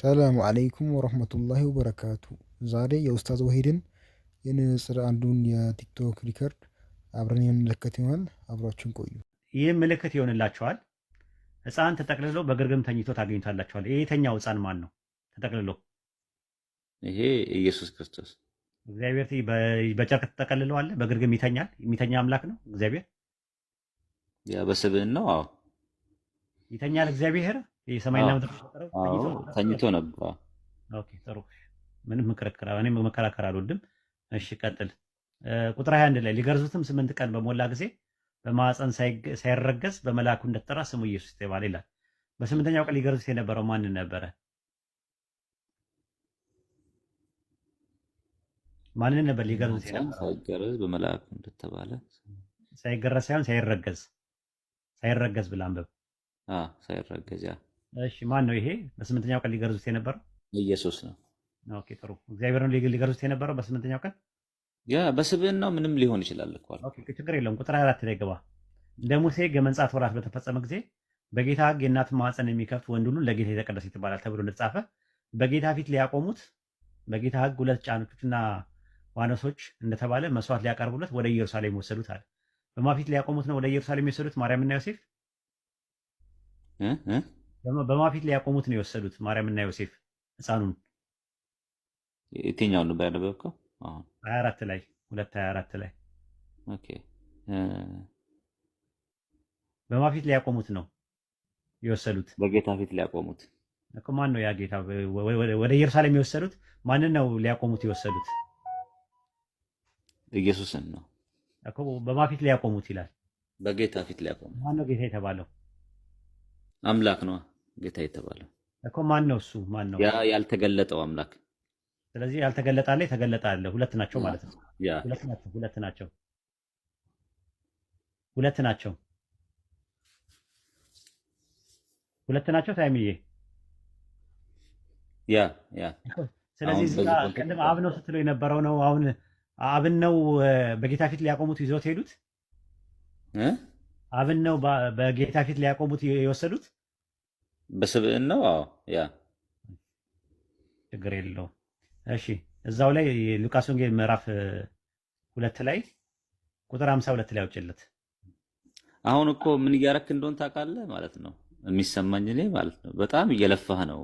ሰላም አለይኩም ወራህመቱላሂ ወበረካቱ ዛሬ የኡስታዝ ወሂድን የንጽር አንዱን የቲክቶክ ሪከርድ አብረን የምንመለከት ይሆናል። አብሯችን ቆዩ። ይህ ምልክት ይሆንላቸዋል። ህፃን ተጠቅልሎ በግርግም ተኝቶ ታገኙታላቸዋል። ይህ የተኛው ህፃን ማን ነው? ተጠቅልሎ ይሄ ኢየሱስ ክርስቶስ እግዚአብሔር በጨርቅ ተጠቀልሎ አለ። በግርግም ይተኛል። የሚተኛ አምላክ ነው እግዚአብሔር። ያ በስብዕና ነው። አዎ ይተኛል እግዚአብሔር ሰማይና ተኝቶ ነበር። ጥሩ ምንም ክርክር እኔም መከራከር አልወድም። እሺ ቀጥል። ቁጥር 21 ላይ ሊገርዙትም ስምንት ቀን በሞላ ጊዜ በማዕፀን ሳይረገዝ በመላኩ እንደተጠራ ስሙ ኢየሱስ ይባል ይላል። በስምንተኛው ቀን ሊገርዙት የነበረው ማን ነበረ? ማንን ነበር ሊገርዙት ሳይገረዝ በመላኩ እንደተባለ ሳይገረዝ ሳይሆን ሳይረገዝ፣ ሳይረገዝ ብላ አንብብ። ሳይረገዝ ያ እሺ ማን ነው ይሄ? በስምንተኛው ቀን ሊገርዙት የነበረው ኢየሱስ ነው። ኦኬ ጥሩ። እግዚአብሔር ነው ሊገርዙት የነበረው በስምንተኛው ቀን። ያ በስብዕና ነው ምንም ሊሆን ይችላል እኮ ኦኬ ችግር የለውም። ቁጥር አራት ላይ ገባ። እንደ ሙሴ ሕግ ወራት በተፈጸመ ጊዜ በጌታ ሕግ የእናት ማህፀን የሚከፍት ወንድ ሁሉ ለጌታ የተቀደሰ ይባላል ተብሎ እንደተጻፈ በጌታ ፊት ሊያቆሙት በጌታ ሕግ ሁለት ጫኖችና ዋነሶች እንደተባለ መስዋዕት ሊያቀርቡለት ወደ ኢየሩሳሌም ወሰዱት አለ። በማፊት ሊያቆሙት ነው ወደ ኢየሩሳሌም የወሰዱት ማርያምና ዮሴፍ በማፊት ላይ ያቆሙት ነው የወሰዱት ማርያምና ዮሴፍ ህፃኑን። የትኛው ነበር ያነበብከው? ሀያ አራት ላይ ሁለት ሀያ አራት ላይ በማፊት ላይ ያቆሙት ነው የወሰዱት። በጌታ ፊት ሊያቆሙት እኮ ማን ነው ያ ጌታ? ወደ ኢየሩሳሌም የወሰዱት ማንን ነው ሊያቆሙት የወሰዱት? ኢየሱስን ነው እኮ በማፊት ሊያቆሙት ይላል። በጌታ ፊት ሊያቆሙት ማን ነው ጌታ የተባለው? አምላክ ነው። ጌታ የተባለው እኮ ማን ነው? እሱ ማን ነው? ያ ያልተገለጠው አምላክ። ስለዚህ ያልተገለጠ አለ፣ የተገለጠ አለ። ሁለት ናቸው ማለት ነው። ሁለት ናቸው፣ ሁለት ናቸው፣ ሁለት ናቸው፣ ሁለት ናቸው። ታይምዬ ያ ያ። ስለዚህ እዚህ ቅድም አብ ነው ስትለው የነበረው ነው። አሁን አብን ነው በጌታ ፊት ሊያቆሙት ይዞት ሄዱት። አብን ነው በጌታ ፊት ሊያቆሙት የወሰዱት በስብዕን ነው። አዎ ያ ችግር የለው። እሺ እዛው ላይ ሉቃስ ወንጌል ምዕራፍ ሁለት ላይ ቁጥር ሀምሳ ሁለት ላይ አውጭለት። አሁን እኮ ምን እያረክ እንደሆን ታውቃለህ ማለት ነው። የሚሰማኝ እኔ ማለት ነው በጣም እየለፋህ ነው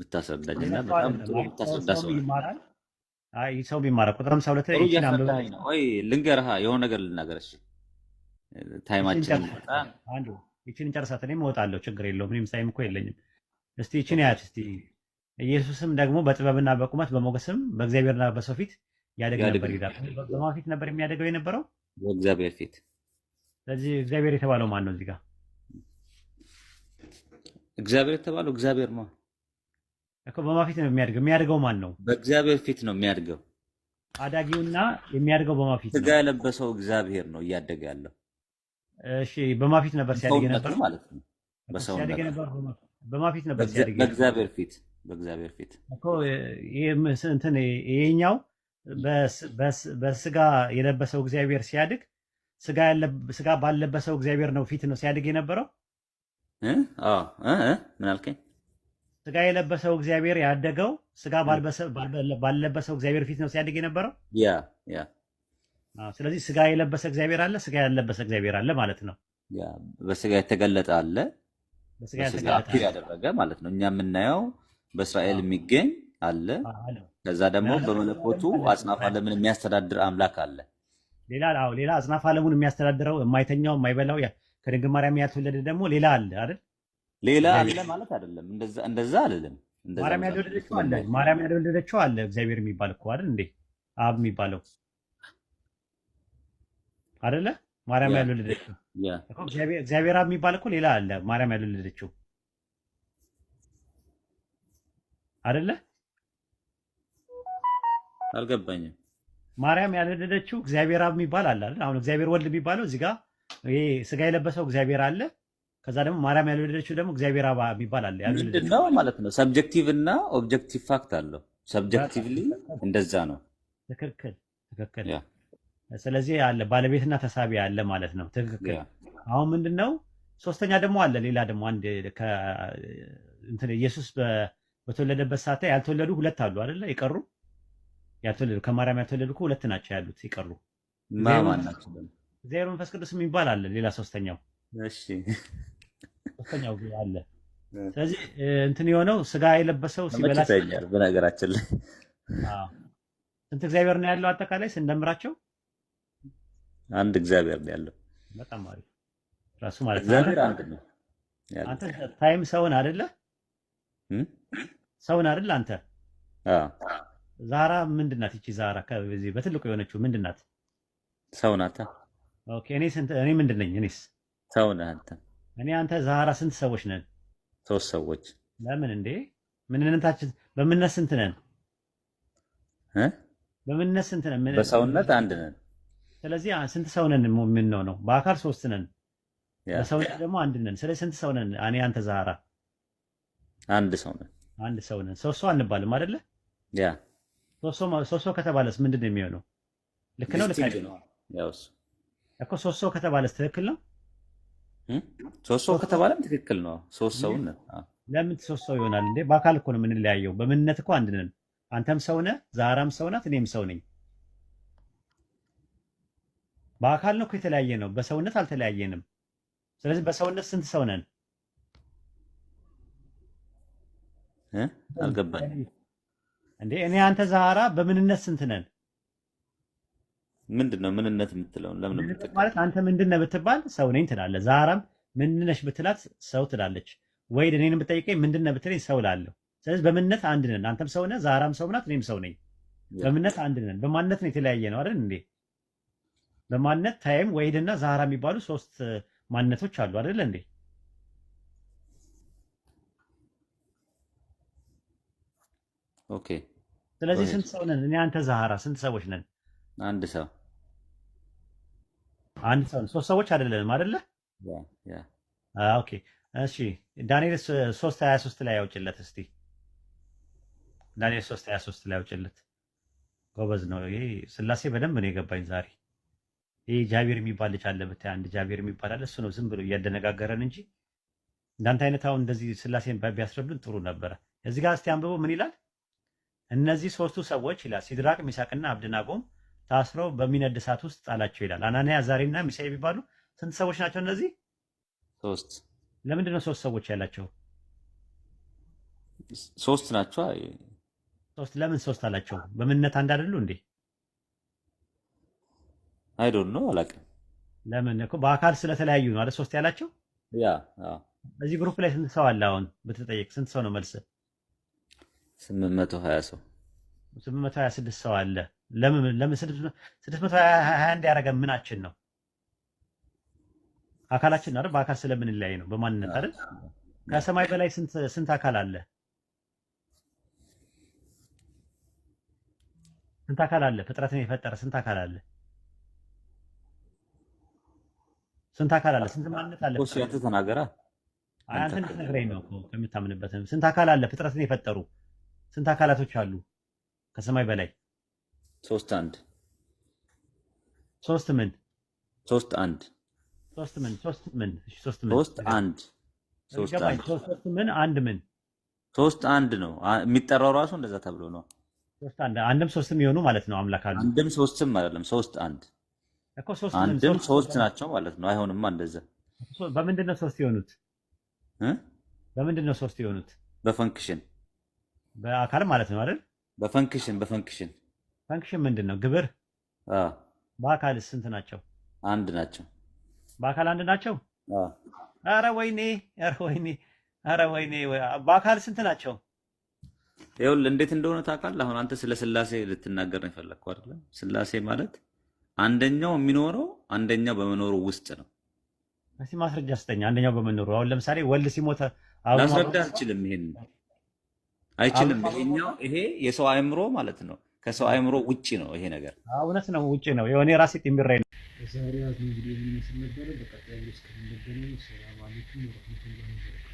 ልታስረዳኝ እና በጣም ጥሩ ልታስረዳ ሰው ሰው ቢማራ ቁጥር ሀምሳ ሁለት ላይ ልንገርህ፣ የሆነ ነገር ልናገር ታይማችን ይችን ጨርሳት እኔም እወጣለሁ። ችግር የለውም። እኔም ሳይም እኮ የለኝም። እስቲ ይችን ያት እስቲ። ኢየሱስም ደግሞ በጥበብና በቁመት በሞገስም በእግዚአብሔርና በሰው ፊት ያደግ ነበር ይላል። በማን ፊት ነበር የሚያደገው የነበረው? በእግዚአብሔር ፊት። ስለዚህ እግዚአብሔር የተባለው ማን ነው? እዚህ ጋር እግዚአብሔር የተባለው እግዚአብሔር ነው እኮ። በማን ፊት ነው የሚያድገው? የሚያድገው ማን ነው? በእግዚአብሔር ፊት ነው የሚያድገው። አዳጊውና የሚያድገው በማን ፊት ነው? ስጋ የለበሰው እግዚአብሔር ነው እያደገ ያለው እሺ በማፊት ነበር ሲያደግ ነበር ማለት ነው። በሰው ሲያደግ ነበር በማፊት ነበር ሲያደግ ነበር በእግዚአብሔር ፊት በእግዚአብሔር ፊት እኮ ይሄ እንትን ይሄኛው በስጋ የለበሰው እግዚአብሔር ሲያድግ ስጋ ያለ ስጋ ባለበሰው እግዚአብሔር ነው ፊት ነው ሲያድግ የነበረው እ አ እ ምን አልከኝ? ስጋ የለበሰው እግዚአብሔር ያደገው ስጋ ባለበሰው እግዚአብሔር ፊት ነው ሲያድግ የነበረው ያ ያ ስለዚህ ስጋ የለበሰ እግዚአብሔር አለ፣ ስጋ ያለበሰ እግዚአብሔር አለ ማለት ነው። በስጋ የተገለጠ አለ፣ በስጋ ያደረገ ማለት ነው። እኛ የምናየው በእስራኤል የሚገኝ አለ። ከዛ ደግሞ በመለኮቱ አጽናፍ ዓለምን የሚያስተዳድር አምላክ አለ። ሌላ ሌላ አጽናፍ ዓለሙን የሚያስተዳድረው የማይተኛው የማይበላው ከድንግል ማርያም ያልተወለደ ደግሞ ሌላ አለ አይደል? ሌላ አለ ማለት አይደለም። እንደዛ አይደለም። ማርያም ያልወለደችው አለ፣ እግዚአብሔር የሚባል እኮ አይደል እንዴ? አብ የሚባለው አደለ ማርያም ያልወለደችው እግዚአብሔር አብ የሚባል እኮ ሌላ አለ። ማርያም ያልወለደችው አደለ አልገባኝም። ማርያም ያልወለደችው እግዚአብሔር አብ የሚባል አለ አይደል? አሁን እግዚአብሔር ወልድ የሚባለው እዚህ ጋር ይሄ ስጋ የለበሰው እግዚአብሔር አለ። ከዛ ደግሞ ማርያም ያልወለደችው ደግሞ እግዚአብሔር አብ የሚባል አለ። ምንድን ነው ማለት ነው? ሰብጀክቲቭ እና ኦብጀክቲቭ ፋክት አለው። ሰብጀክቲቭሊ እንደዛ ነው። ትክክል ትክክል ስለዚህ አለ ባለቤትና ተሳቢ አለ ማለት ነው። ትክክል። አሁን ምንድን ነው ሶስተኛ ደግሞ አለ ሌላ ደግሞ አንድ ኢየሱስ በተወለደበት ሰዓት ያልተወለዱ ሁለት አሉ አይደለ? የቀሩ ያልተወለዱ ከማርያም ያልተወለዱ ሁለት ናቸው ያሉት የቀሩ እግዚአብሔር መንፈስ ቅዱስ የሚባል አለ ሌላ ሶስተኛው ሶስተኛው አለ። ስለዚህ እንትን የሆነው ስጋ የለበሰው ሲበላ በነገራችን ላይ ስንት እግዚአብሔር ነው ያለው አጠቃላይ ስንደምራቸው አንድ እግዚአብሔር ነው ያለው። በጣም አሪፍ ራሱ ማለት እግዚአብሔር አንድ ነው። አንተ ታይም ሰውን አይደለ? ሰውን አይደለ? አንተ ዛራ ምንድናት? ናት? ይቺ ዛራ ከዚህ በትልቁ የሆነችው ምንድናት? ሰው ናት። ኦኬ እኔ ስንት እኔ ምንድን ነኝ? እኔስ ሰው ነህ አንተ። እኔ አንተ ዛራ ስንት ሰዎች ነን? ሶስት ሰዎች። ለምን እንዴ? ምንነታችን በምንነት ስንት ነን? በምንነት ስንት ነን? በሰውነት አንድ ነን። ስለዚህ ስንት ሰው ነን? ሙሚን ነው በአካል ሶስት ነን፣ በሰው ደግሞ አንድ ነን። ስለዚህ ስንት ሰው ነን? እኔ አንተ ዛህራ አንድ ሰው ነን። አንድ ሰው ነን። ሶስት ሰው አንባልም አደለ? ያ ሶስት ሰው ከተባለስ ምንድን ነው የሚሆነው? ልክ ነው ልክ ነው እኮ ሶስት ሰው ከተባለስ ትክክል ነው። ሶስት ሰው ከተባለም ትክክል ነው። ሶስት ሰው ነን። ለምን ሶስት ሰው ይሆናል እንዴ? በአካል እኮ ነው የምንለያየው። በምንነት እኮ አንድ ነን። አንተም ሰው ነህ፣ ዛህራም ሰው ናት፣ እኔም ሰው ነኝ። በአካል ነው የተለያየ ነው። በሰውነት አልተለያየንም። ስለዚህ በሰውነት ስንት ሰው ነን? አልገባኝ እንዴ እኔ አንተ ዛህራ በምንነት ስንት ነን? ምንድን ነው ምንነት የምትለው? ለምን ማለት አንተ ምንድን ነህ ብትባል ሰው ነኝ ትላለህ። ዛህራም ምንነሽ ብትላት ሰው ትላለች። ወይ እኔን ብጠይቀኝ ምንድን ነህ ብትለኝ ሰው እላለሁ። ስለዚህ በምንነት አንድ ነን። አንተም ሰው ነህ፣ ዛህራም ሰው ናት፣ እኔም ሰው ነኝ። በምንነት አንድ ነን። በማንነት ነው የተለያየ ነው አይደል እንዴ? በማንነት ታይም ወሂድና ዛህራ የሚባሉ ሶስት ማንነቶች አሉ አይደለ እንዴ? ኦኬ። ስለዚህ ስንት ሰው ነን? እኔ አንተ ዛህራ ስንት ሰዎች ነን? አንድ ሰው አንድ ሰው ሶስት ሰዎች አይደለንም አይደለ? ኦኬ። እሺ ዳንኤል ሶስት ሀያ ሶስት ላይ ያውጭለት እስቲ ዳንኤል ሶስት ሀያ ሶስት ላይ ያውጭለት። ጎበዝ ነው ይሄ ስላሴ በደንብ ነው የገባኝ ዛሬ ይህ ጃቤር የሚባል ልጅ አለ ብታይ አንድ ጃቤር የሚባል አለ። እሱ ነው ዝም ብሎ እያደነጋገረን እንጂ እንዳንተ አይነት አሁን እንደዚህ ስላሴን ቢያስረዱን ጥሩ ነበረ። እዚህ ጋር እስቲ አንብቦ ምን ይላል? እነዚህ ሶስቱ ሰዎች ይላል ሲድራቅ ሚሳቅና አብድናጎም ታስረው በሚነድ እሳት ውስጥ ጣላቸው ይላል። አናንያ ዛሬና ሚሳኤል የሚባሉ ስንት ሰዎች ናቸው እነዚህ? ሶስት። ለምንድን ነው ሶስት ሰዎች ያላቸው? ሶስት ናቸው። ሶስት ለምን ሶስት አላቸው? በምንነት አንድ አይደሉ እንዴ? አይ ዶንት ኖ አላውቅም። ለምን እኮ በአካል ስለተለያዩ ነው አለ ሶስት ያላቸው ያ እዚህ ግሩፕ ላይ ስንት ሰው አለ? አሁን ብትጠየቅ ስንት ሰው ነው መልስ? ስምንት መቶ ሀያ ሰው ስምንት መቶ ሀያ ስድስት ሰው አለ። ለምን ለምን ስድስት መቶ ሀያ አንድ ያደረገ ምናችን ነው? አካላችን አይደል? በአካል ስለምንለያይ ነው በማንነት አይደል? ከሰማይ በላይ ስንት ስንት አካል አለ? ስንት አካል አለ? ፍጥረትን የፈጠረ ስንት አካል አለ? ስንት አካል አለ? ስንት ማንነት አለ? እሱ ያንተ ተናገራ። አንተ ልትነግረኝ ነው እኮ ከምታምንበት። ስንት አካል አለ? ፍጥረትን የፈጠሩ ስንት አካላቶች አሉ? ከሰማይ በላይ ሶስት አንድ ሶስት ምን ሶስት አንድ ሶስት ምን ሶስት ምን ሶስት ምን ሶስት አንድ ሶስት ምን አንድ ምን ሶስት አንድ ነው የሚጠራው ራሱ እንደዛ ተብሎ ነው። ሶስት አንድ አንድም ሶስትም የሆኑ ማለት ነው አምላክ አሉ። አንድም ሶስትም አይደለም ሶስት አንድ አንድም ሶስት ናቸው ማለት ነው። አይሆንም እንደዛ። በምንድን ነው ሶስት የሆኑት? በምንድን ነው ሶስት የሆኑት? በፈንክሽን በአካል ማለት ነው አይደል? በፈንክሽን በፈንክሽን ፈንክሽን ምንድን ነው? ግብር። በአካል ስንት ናቸው? አንድ ናቸው። በአካል አንድ ናቸው። አረ ወይኔ፣ አረ ወይኔ፣ አረ ወይኔ። በአካል ስንት ናቸው? ይኸውልህ እንዴት እንደሆነ ታውቃለህ። አሁን አንተ ስለ ስላሴ ልትናገር ነው የፈለግከው አይደለም? ስላሴ ማለት አንደኛው የሚኖረው አንደኛው በመኖሩ ውስጥ ነው። እስኪ ማስረጃ ስጠኝ። አንደኛው በመኖሩ አሁን ለምሳሌ ወልድ ሲሞተ ላስረዳ አልችልም። ይሄን አይችልም። ይሄኛው ይሄ የሰው አእምሮ ማለት ነው። ከሰው አእምሮ ውጭ ነው ይሄ ነገር። እውነት ነው፣ ውጭ ነው። የሆነ የራሴ ጢምቢራይ ነው። የዛሬ ያዝነው ቪዲዮ የሚመስል ነበረ። በቀጣይ እስከምንገናኝ ሰላም አለይኩም ወረመቱላ